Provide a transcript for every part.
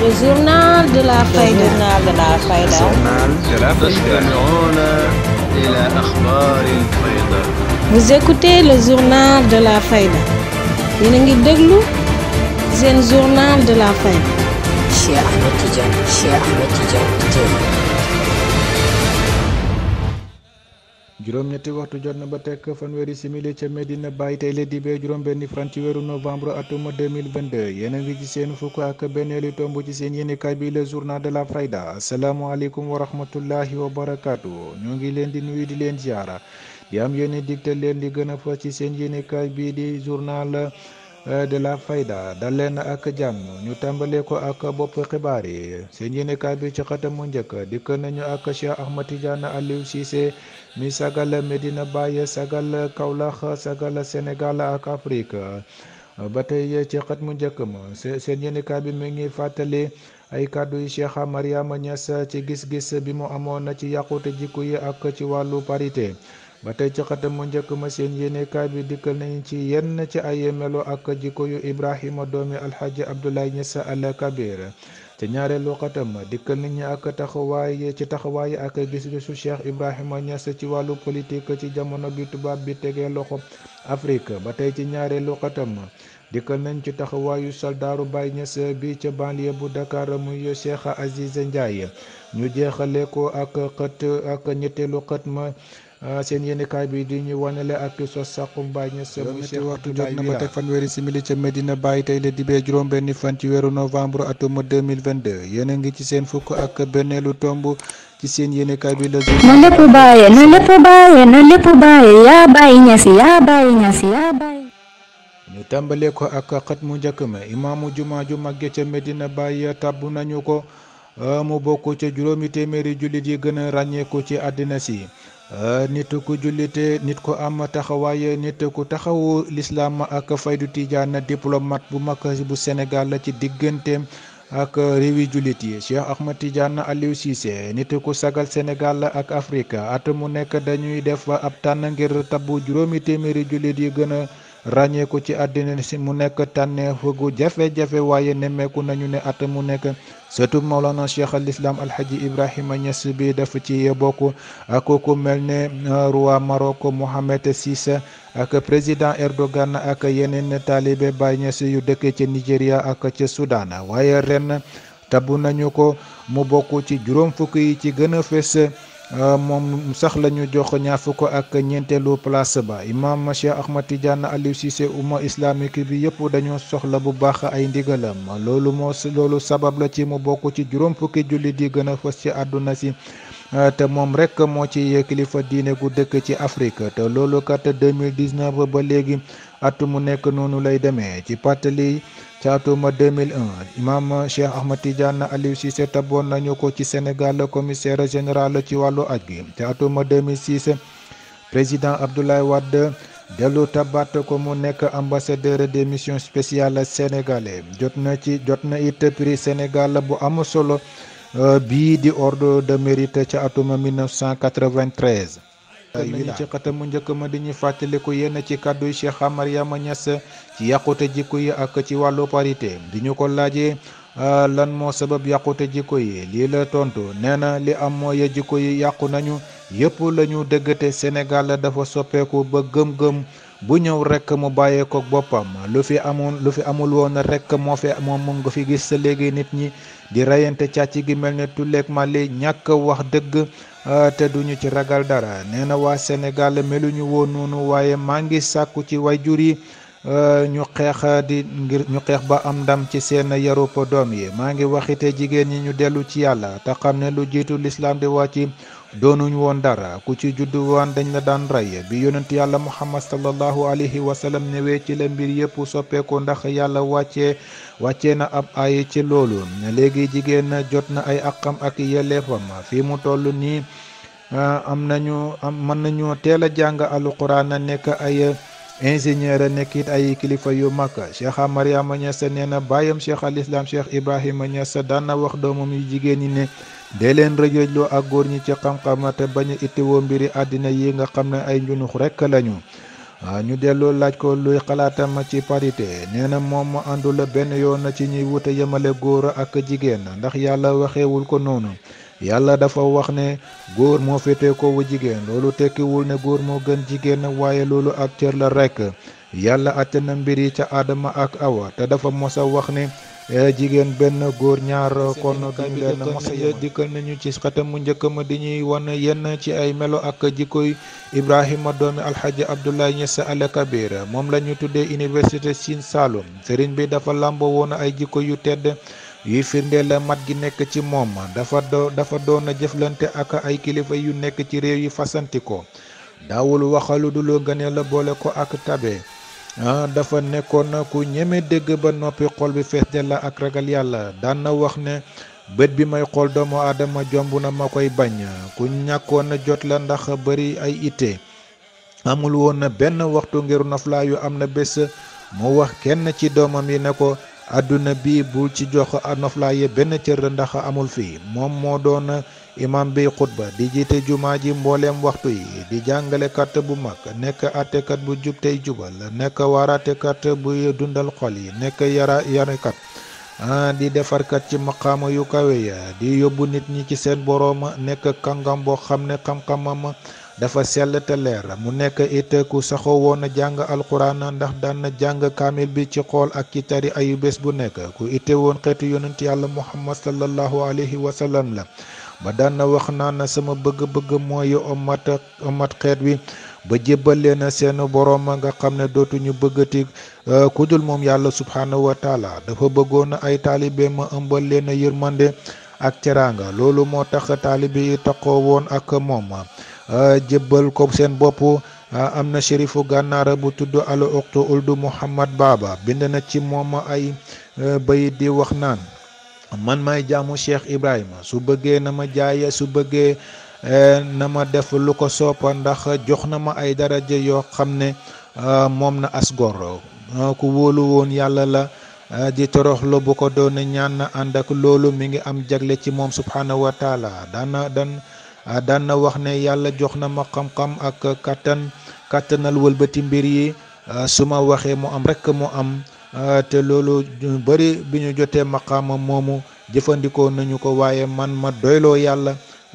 Le journal de la Fayda. journal de la Fayda. journal de la Fayda. vous écoutez le journal de la Fayda. yéen a ngi déglu seen journal de la Fayda. Cheikh Ahmed Tidiane Cheikh Ahmed Tidiane juróom-ñetti waxtu jot na ba tekk fanweeri simili ca Medina Baye tey la dibee juróom-benni fan ci weeru novembre atum 2022 yéen a ngi ci seen fukk ak benneeli tomb ci seen yéenekaay bi le journal de la Fayda asalaamualeykum wa rahmatullahi wa barakaatu ñoo ngi leen di nuyu di leen ziara di am yéene digte leen li gën a fas ci seen yéenekaay bi di journal euh, de la fayda dal leen ak jàmm ñu tàmbalee ko ak bopp xibaar yi seen yéenekaay bi ci xatam mu njëkk dikk nañu ak Cheikh Ahmad Tidiane Aliou Cissé mi sagal Medina Baye sagal Kaolack sagal Sénégal ak Afrique ba tey ci xët mu njëkk ma seen yéenekaay bi mi ngi fàttali ay kàddu yu Cheikh Mariama Niass ci gis-gis bi mu amoon ci yàqute jikko yi ak ci wàllu parité ba ci xët mu njëkk ma seen yéenekaay bi dikkal nañu ci yenn ci ay melo ak jikko yu Ibrahima doomi Alxaaji Abdoulaye Niass al Kabir ca ñaareelu xatam dikkal nit ñi ak taxawaay ci taxawaay ak gis-gisu Cheikh Ibrahima Niass ci wàllu politique ci jamono bi tubaab bi tegee loxo Afrique ba tey ci ñaareelu xatam dikkal nañ ci taxawaayu soldaaru Baye Niass bi ca banlieue bu Dakar muy Cheikh Aziz Ndiaye ñu jeexale ko ak xët ak ñetteelu xët ma Ah, seen yéenekaay bi di ñu wanale ak sos saqu mbaay ña semu ci waxtu jot na ba teg fanweeri simili ca Medina Baye tey la dibee juróom benn fan ci weeru novembre atum 2022 yéen a ngi ci seen fukk ak benneelu tomb ci seen yéenekaay bi la na lépp bàyye na lépp bàyye na lépp bàyye yaa bàyyi ñasi yaa bàyyi ñasi yaa ñu tàmbalee ko ak xët mu njëkk ma imaamu jumaa ju mag ca Medina Baye tàbb nañu ko ah, mu bokk ca juróomi téeméeri jullit yi gën a ràññeeku ci àddina si Euh, nit ku jullite nit ku am taxawaaye nit ku taxawu lislaam ak faydu tijaan diplomate bu mag bu Sénégal ci digganteem ak réewi jullit yi Cheikh Ahmad Tidiane Aliou Cissé nit ku sagal Sénégal ak Afrique at mu nekk dañuy def ab tànn ngir tabbu juróomi téeméeri jullit yi gën a ràññeeku ci àddina si mu nekk tànneefu gu jafe-jafe waaye nemmeeku nañu ne at mu nekk surtout Mawlana Cheikh al Islam Alhaji Ibrahima Niass bi daf ci bokk ak ku mel ne uh, roi Maroc Mohamed Sisa ak président Erdogan ak yeneen taalibe Baye Niass yu dëkk ci Nigéria ak ca Soudan waaye ren tabu nañu ko mu bokk ci juróom fukk yi ci gën a fës. Euh, moom sax lañu ñu jox ñaar ko ak ñeenteelu place ba imam Cheikh Ahmad Tidiane Aliou Cissé umma islamique bi yëpp dañoo soxla bu baax ay ndigalam loolu moo loolu sabab la ci mu bokk ci juróom fukki julli di gën a fës ci àdduna si Euh, te moom rek moo ci kilifa diine gu dëkk ci Afrique te loolu kat 2019 ba léegi at mu nekk noonu lay demee ci pàttali ca atuma 2001 imaam Cheikh Ahmad Tidiane Aliou Cissé taboon nañu ko ci Sénégal commissaire général ci wàllu aj gi ca atuma 2006 président Abdoulaye Wade dellu tabaat ko mu nekk ambassadeur des missions spéciales sénégalais jot na ci jot na it prix Sénégal bu am solo. Euh, bii di ordre de mérite ca atum 1993. nañu ci xatam mu njëkk ma di ñu fàttaliku yenn ci kàdduy Cheikh Mariama Niass ci yàqute jikko yi ak ci wàllu parité di ñu ko laajee euh, lan moo sabab yàqute jikko yi lii la tontu nee na li am mooy jikko yi yàqu nañu yëpp la ñu senegal Sénégal dafa soppeeku ba gëm-gëm bu ñëw rek mu bàyyee bàyyeekook boppam lu fi amoon lu fi amul woon rek moo fi moom mu nga fi gis léegi nit ñi di reyante càcc gi mel ne tulleeg mali ñàkk wax dëgg te duñu ci ragal dara nee na waa Sénégal meluñu woon noonu waaye maa ngi sàkku ci way jur yi ñu xeex di ngir ñu xeex ba am ndam ci seen yarup doom yi maa ngi waxite jigéen ñi ñu dellu ci yàlla te xam ne lu jiitu lislaam di wàcc doonuñu woon dara ku ci juddu waan dañ la daan rey bi yonent yàlla muhammad sallallahu alayhi wa sallam ñëwee ci la mbir yépp soppeeku ndax yàlla wàccee wàcce na ab ay ci loolu léegi jigéen na jot na ay àqam ak yelleefam fii mu toll nii am nañu am mën nañu teel a jàng a nekk ay ingénieur nekk it ay kilifa yu mag cheikh mariama ñas nee na bàyyam cheikh al islam cheikh ibrahima ñas daan na wax doomam yu jigéen ñi ne dee leen rëjëjloo ak góor ñi ci xam-xama te bañ a ittiwoo mbiri àddina yi nga xam ne ay njunux rekk lañu ñu delloo laaj ko luy xalaatam ci parité nee na moom ma àndul benn yoon ci ñuy wute yemale góor ak jigéen ndax yàlla waxeewul ko noonu yàlla dafa wax ne góor moo féete kowu jigéen loolu tekkiwul ne góor moo gën jigéen waaye loolu ak cër la rekk yàlla àtte na mbir yi ca aadama ak awa te dafa mosa wax ne Eh, jigéen benn góor ñaar kon na leen mosa dikkal nañu ci xatam mu njëkk ma di ñuy wan yenn ci ay melo ak jikkoy Ibrahima doomi alxaji Abdoulaye Niass Al Kabir moom la ñu tuddee université Sine Saloum sëriñ bi dafa làmboo woon ay jikko yu tedd yuy firndeel mat gi nekk ci moom dafa do dafa doon jëflante ak ay kilifa yu nekk ci réew yi fasanti ko daawul waxalu du loo gënee la boole ko ak tabe Ah, dafa nekkoon na ku ñeme dégg ba noppi xol bi fees la ak ragal yàlla daan na wax ne bët bi may xool doomu aadama jomb na ma koy bañ ku ñàkkoon jot la ndax bari ay itte amul woon na benn waxtu ngir noflaayu am na bés mu wax kenn ci doomam yi ne ko àdduna bi bul ci jox noflaaye benn cër ndax amul fii moom moo doon. imam biy xutba di jiite jumaa ji mbooleem waxtu yi di jàngalekat bu mag nekk àttekat bu jub tey jubal nekk waaraatekat buy dundal xol yi nekk yara yarekat ah, di defarkat ci maqaama yu kawe ya di yóbbu nit ñi ci seen boroom nekk kàngam boo xam ne xam-xamam dafa sell te leer mu nekk it ku saxoo woon jàng alxuraan ndax daan jàng kaamil bi ci xool ak ci tari ayu bés bu nekk ku itte woon xeetu yonent yàlla muhammad sallallahu alayhi wa sallam la ba daan na wax naa na sama bëgg-bëgg mooy omat omat xeet wi ba jébbal leen seen boroom nga xam ne dootuñu bëggati euh, ku dul moom yàlla subhaanahu wa taala dafa bëggoon ay taalibe ma ëmbal leen yërmande ak teraanga loolu moo tax taalibe yi taxoo woon ak moom euh, jébbal ko seen bopp euh, am na shérifu gànnaara bu tudd al uqtu uldu Muhammad Baaba bind na ci moom ay bay di wax naan man may jaamu Cheikh Ibrahima su bëggee na ma jaay su bëggee eh, na ma def lu ko soppa ndax jox na ma ay daraja yoo xam ne eh, moom na asgor eh, ku wóolu woon yàlla la di toroxlu bu ko doon ñaan na ànd ak loolu mi ngi am jagle ci moom subhaanahu wa taala daana dan daan wax ne yàlla jox na ma xam-xam ak kàttan kàttanal wëlbati mbir yi su ma waxee mu am rekk mu am Ah, te loolu ñu bëri bi ñu jotee maqaama moomu jëfandikoo nañu ko waaye man ma doyloo yàlla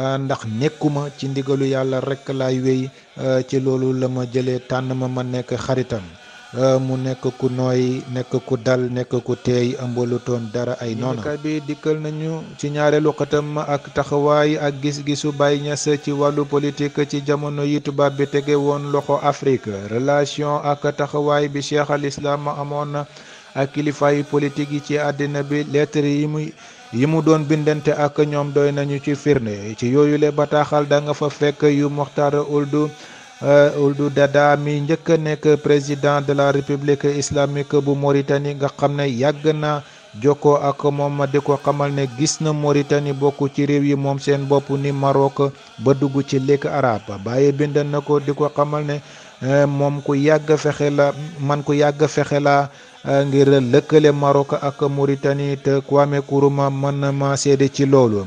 ah, ndax nekkuma ci ndigalu yàlla rekk laay wéy ah, ci loolu la ma jëlee tànn ma ma nekk xaritam Euh, mu nekk ku nooy nekk ku dal nekk ku teey ëmbalutoon dara ay noona kat bi dikkal nañu ci ñaareelu xëtam ak taxawaay ak gis-gisu Baye Niass ci wàllu politique ci jamono yi tubaab bi tege woon loxo Afrique relation ak taxawaay bi cheikh al islam amoon ak kilifaayu politique yi ci àddina bi lettre yi muy yi mu doon bindante ak ñoom doy nañu ci firnde ci yooyule bataaxal da nga fa fekk yu Moxtaar Uldu Euh, du Dada mi njëkk nekk président de la république islamique bu Mauritanie nga xam ne yàgg na jokkoo ak moom di ko xamal ne gis na Mauritanie bokk ci réew yi moom seen bopp ni Maroc ba dugg ci Ligue arabe bàyyi bind na ko di ko xamal ne euh, moom ku yàgg fexe la man ku yàgg fexe la euh, ngir lëkkale Maroc ak Mauritanie te Kwame Nkrumah mën na ma seede ci loolu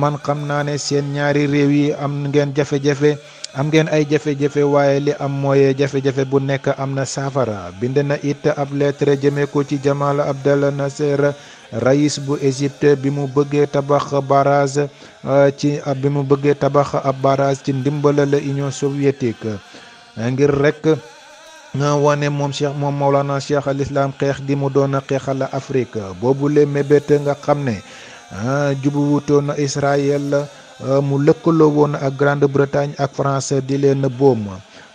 man xam naa ne seen ñaari réew yi am ngeen jafe-jafe. am ngeen ay jafe-jafe waaye li am mooy jafe-jafe bu nekk am na saafara bind na it ab lettre jëmee ko ci Jamal Abdel Nasser rais bu Égypte bi mu bëggee tabax barrage euh, ci bi mu bëggee tabax ab barrage ci la Union soviétique ngir rek nga wane moom cheikh moom Mawlana cheikh al islam xeex gi mu doon xeexal Afrique boobule mébét nga xam ne euh, jubuwutoon Israël. Euh, mu lëkkaloo woon ak Grande-Bretagne ak France di leen boom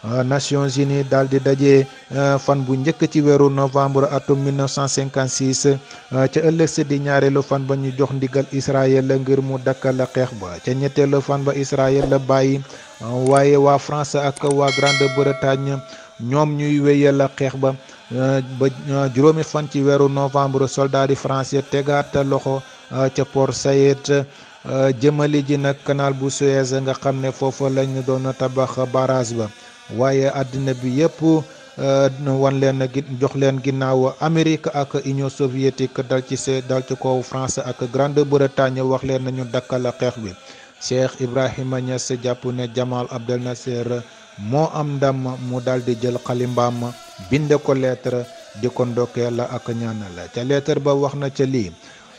euh, Nations Unies daal di daje euh, fan bu njëkk ci weeru novembre atum 1956 ca ëllëg si di ñaareelu fan ba ñu jox ndigal Israël ngir mu dakkal xeex ba ca ñetteelu fan ba Israël la bàyyi waaye waa France ak waa Grande-Bretagne ñoom ñuy wéyal xeex ba ba juróomi fan ci weeru novembre soldats yi français tegaat loxo ca Port Saïd. Euh, jëmale ji nag canal bu Suez nga xam ne foofa lañu doon tabax barrage ba waaye àddina bi yëpp euh, wan leen jox leen ginnaaw Amérique ak Union soviétique dal ci se ci kaw France ak Grande-Bretagne wax leen nañu dakkal xeex bi Cheikh Ibrahima Niass jàpp ne Jamal Abdel Nasser moo am ndam mu dal di jël xalimbaam binde ko lettre di ko ndokkee la ak ñaanal ca lettre ba wax na ca lii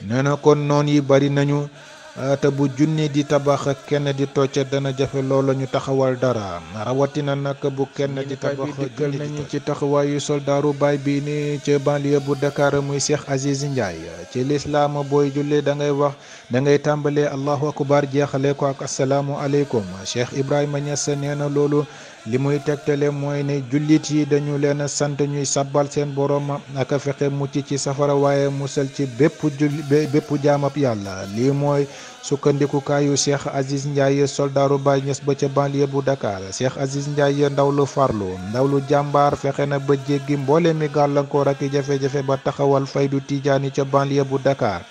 nee na noon yi bari nañu. te bu junni di tabax kenn di tocc dana jafe lool ñu taxawal dara rawatina nag bu kenn di tabax dikkal nañu ci taxawaayu soldaaru baay bi ni ca banlieue bu Dakar muy Cheikh Aziz Ndiaye ci lislaam booy julli da ngay wax da ngay tàmbalee allahu akbar jeexale ko ak asalaamu aleykum Cheikh Ibrahima Niass nee na loolu li muy tegtale mooy ne jullit yi dañu leen a sant ñuy sabbal seen borom ak a fexe mucc ci safara waaye musal ci bépp jul bépp jaamab yàlla lii mooy sukkandikukaayu Cheikh Aziz Ndiaye soldaaru Baay Ñas ba ca banlieue bu Dakar Cheikh Aziz Ndiaye ndaw lu farlu ndaw lu jàmbaar fexe na ba jéggi mboole mi gàllankoor ak jafe-jafe ba taxawal fay faydu tijaani ca banlieue bu dakaar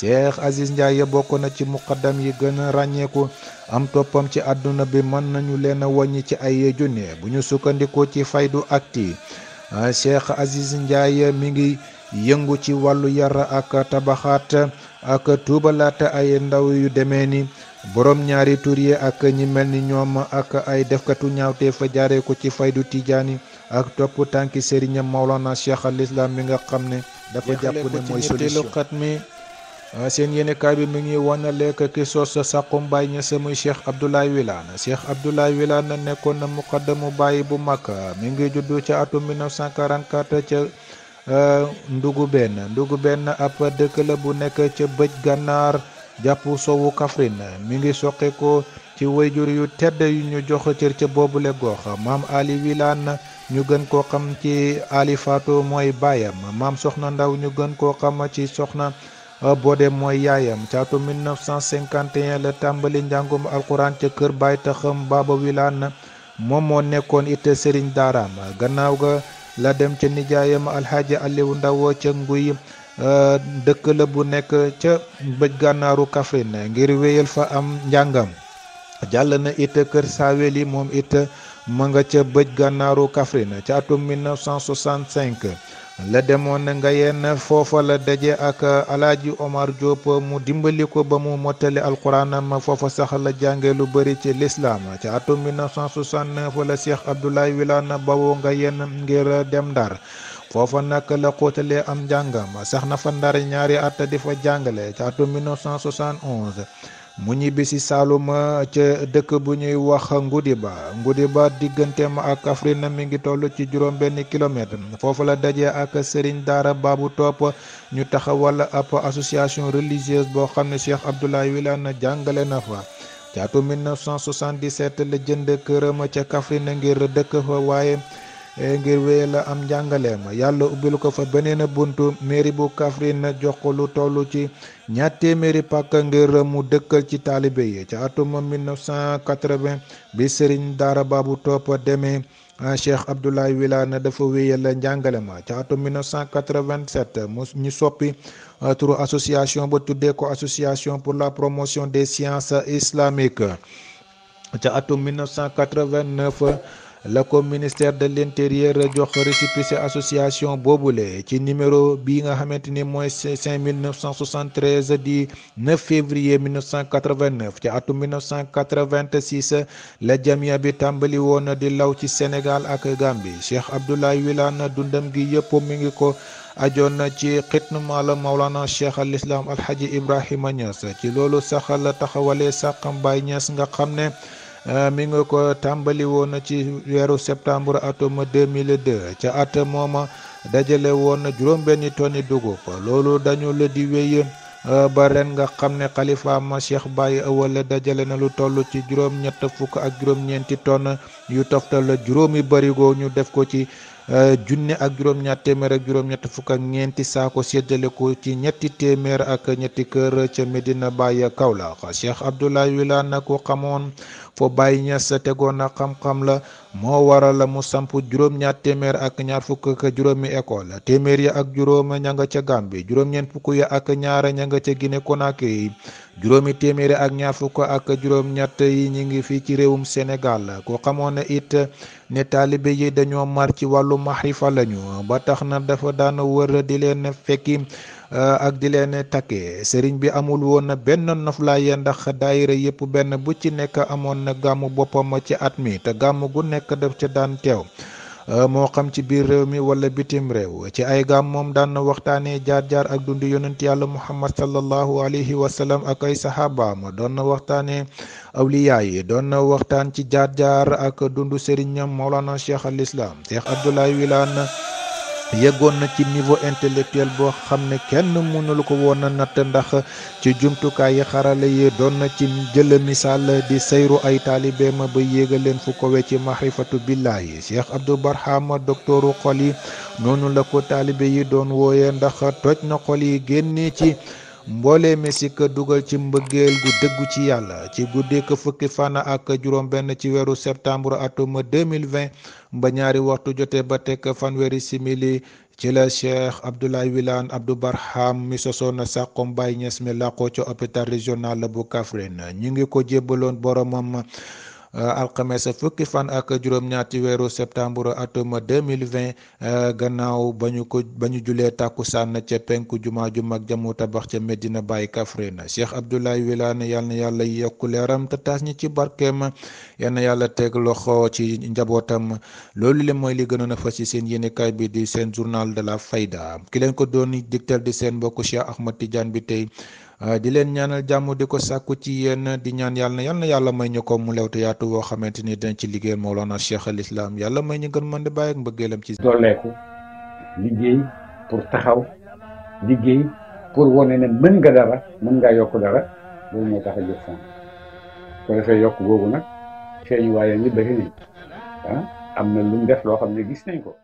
Cheikh Aziz Ndiaye bokk na ci muqaddam yi gën a ràññeeku am toppam ci àdduna bi mën nañu leen a wàññi ci ay junne bu ñu sukkandikoo ci faydu akti ah, Cheikh Aziz Ndiaye mi ngi yëngu ci wàllu yara ak tabaxaat ak tuubalaata ay ndaw yu demee ni borom ñaari tur ak ñi mel ni ñoom ak ay defkatu ñaawte fa jaaree ko ci faydu tijaani ak topp tànki sëriñam Maulana Cheikh al Islam mi nga xam ne dafa jàpp ne mooy xat mi Ah, seen yéenekaay bi mi ngi wane lekk ki sos sàqum Baay Ñas muy Cheikh Abdoulaye Wilane Cheikh Abdoulaye Wilane nekkoon na muqaddamu Baay bu mag mi ngi juddu ca atum 1944 ca eh, ndugu benn ndugu benn ab dëkk la bu nekk ca bëj gànnaar jàpp sowu Kaffrine mi ngi soqe ko ci wayjur yu tedd yu ñu jox cër ca boobule gox maam Ali Wilane ñu gën koo xam ci Ali Fatou mooy baayam maam soxna ndaw ñu gën koo xam ci soxna Euh, boode mooy yaayam ca atum 1951 la tàmbali njàngum alxuraan ca kër baay taxam baaba wilaan moom moo nekkoon it sëriñ daaraam gannaaw ga la dem ca nijaayam alxaaji aliw ndaw ca nguy euh, dëkk la bu nekk ca bëj gànnaaru Kaffrine ngir wéyal fa am njàngam jàll na it kër saaweli moom it ma nga ca bëj gànnaaru Kaffrine ca atum 1965 la demoon na nga yenn foofa la daje ak alaaji Omar Diop mu dimbali ko ba mu mottali ma foofa sax la jànge lu bari ci lislaam ci atum wala la Cheikh Abdoulaye Wilane bawoo nga yenn ngir dem Ndar foofa nag la xóotalee am njàngam sax na fa Ndar ñaari at di fa jàngale ci atum 1971 mu ñibbisi Saaluma ca dëkk bu ñuy wax ba Ngudiba Ngudiba digganteem ak Kaffrine mi ngi toll ci juróom benn kilomètre foofu la daje ak sëriñ daara bu Topp ñu taxawal ab association religieuse boo xam ne Cheikh Abdoulaye Wilane jàngale na fa caatu 1977 la jënd këram ca Kaffrine ngir dëkk fa waaye E ngir wéyal la am njàngaleem yàlla ubbil ko fa beneen buntu mairie bu na jox ko lu toll ci ñaar téeméeri pàkk ngir mu dëkkal ci taalibe yi ca atum 1980 bi Serigne Daara Babou Top demee ah, Cheikh Abdoulaye Wilane dafa wéyal njàngale ma ca atum 1987 mu ñu soppi ah, turu association ba tuddee ko association pour la promotion des sciences islamiques ca atum la ko ministère de l'intérieur jox récépissé association boobule ci numéro bi nga xamante ni mooy 5973 di 9 février 1989 ci atum 1986 la jamia bi tàmbali woon di law ci Sénégal ak Gambie Cheikh Abdoulaye Wilane dundam gi yëpp mi ngi ko ajoon ci xitma la Mawlana Cheikh al Islam Alhaji Ibrahima Niass ci loolu sax la taxawalee Saxam Baye Niass nga xam ne. Euh, mi nga ko tàmbali woon ci weeru septembre atum 2002 ca at mooma dajale woon juróom-benni tonni dugub loolu dañu la di wéy euh, ba ren nga xam ne xalifaam Cheikh bàyyi Awale dajale na lu toll ci juróom-ñett fukk ak juróom-ñeenti tonn yu toftal juróomi barigo ñu def ko ci euh, junne ak juróom-ñaar téeméer ak juróom-ñett fukk ak ñeenti saako séddale ko ci ñetti téeméer ak ñetti kër ca Medina Baye Kaolack Cheikh Abdoulaye Wilane na ko xamoon fo bàyyi ñas sa tegoon na xam-xam la moo waral la mu samp juróom-ñaar téeméer ak ñaar fukk ak juróomi école téeméer ya ak juróom ña nga ca Gambie juróom-ñeent fukk ya ak ñaara ña nga ca Guinée Conakry yi juróomi ak ñaar ak juróom-ñett yi ñu ngi fii ci réewum Sénégal ko xamoon na it ne taalibe yi dañoo mar ci wàllu maxrifa lañu ba tax na dafa daan wër di leen fekki. Euh, ak di leen takkee sëriñ bi amul woon na benn noflaay ndax daayira yëpp benn bu ci nekk amoon na gàmmu boppam ci at mi te gàmm gu nekk daf ca daan teew euh, moo xam ci biir réew mi wala bitim réew ci ay gàmm moom daan na waxtaanee jaar-jaar ak dundi yonent yàlla muhammad sallallahu alayhi wa sallam ak ay saxaabaam doon na waxtaanee awliyaa yi doon na waxtaan ci jaar-jaar ak dundu sëriñam Mawlana Cheikh al Islam Cheikh Abdoulaye yeggoon na ci niveau intellectuel boo xam ne kenn mënul ko woon a natt ndax ci jumtukaay yi xarala yi doon na ci jël misaal di sayru ay taalibeem ba yéega leen fu kowe ci mahrifatu billahi Cheikh Abdou Barham doktooru xol yi noonu la ko taalibe yi doon wooye ndax toj na xol yi génne ci mboolee mesik dugal ci mbëggeel gu dëggu ci yàlla ci guddik fukki fan ak juróom benn ci weeru septembre atum 2020 ba ñaari waxtu jotee ba teg fanweeri simili ci la cheikh abdoulaye wilane abdou barham mi sosoon sàqom Baye Niass mi làqoo ca hôpital régional bu Kaffrine ñu ngi ko jébbaloon boromam Euh, alxames fukki fan ak juróom-ñaar ci weeru septembre atum 2020 euh, gannaaw ba ñu ko ba ñu julee tàkkusaan ca penku jumaa ju mag jamu tabax ca Medina Baye Kaffrine Cheikh Abdoulaye Wilane yal na yàlla yokk leeram te taas ñi ci barkeem yal na yàlla teg loxo ci njabootam loolu li mooy li gënoon a fas ci seen yéenekaay bi di seen journal de la fayda ki leen ko doon digtal di seen mbokk Cheikh Ahmad Tidiane bi tey Ah, di leen ñaanal jàmm di ko sàkku ci yéen di ñaan yàlla na yàlla na yàlla may ñu ko mu lewtu yaatu woo xamante ni dañ ci liggéeyal Mawlana Cheikh al Islam yàlla may ñu gën mën di bàyyi ak mbëggeelam ci. dooleeku liggéey pour taxaw liggéey pour wone ne mën nga dara mën ngaa yokk dara loolu moo tax a jóg fond ko defee yokk googu nag feeñ waaye ñu bëri nañ ah am na lu mu loo xam ne gis nañ ko.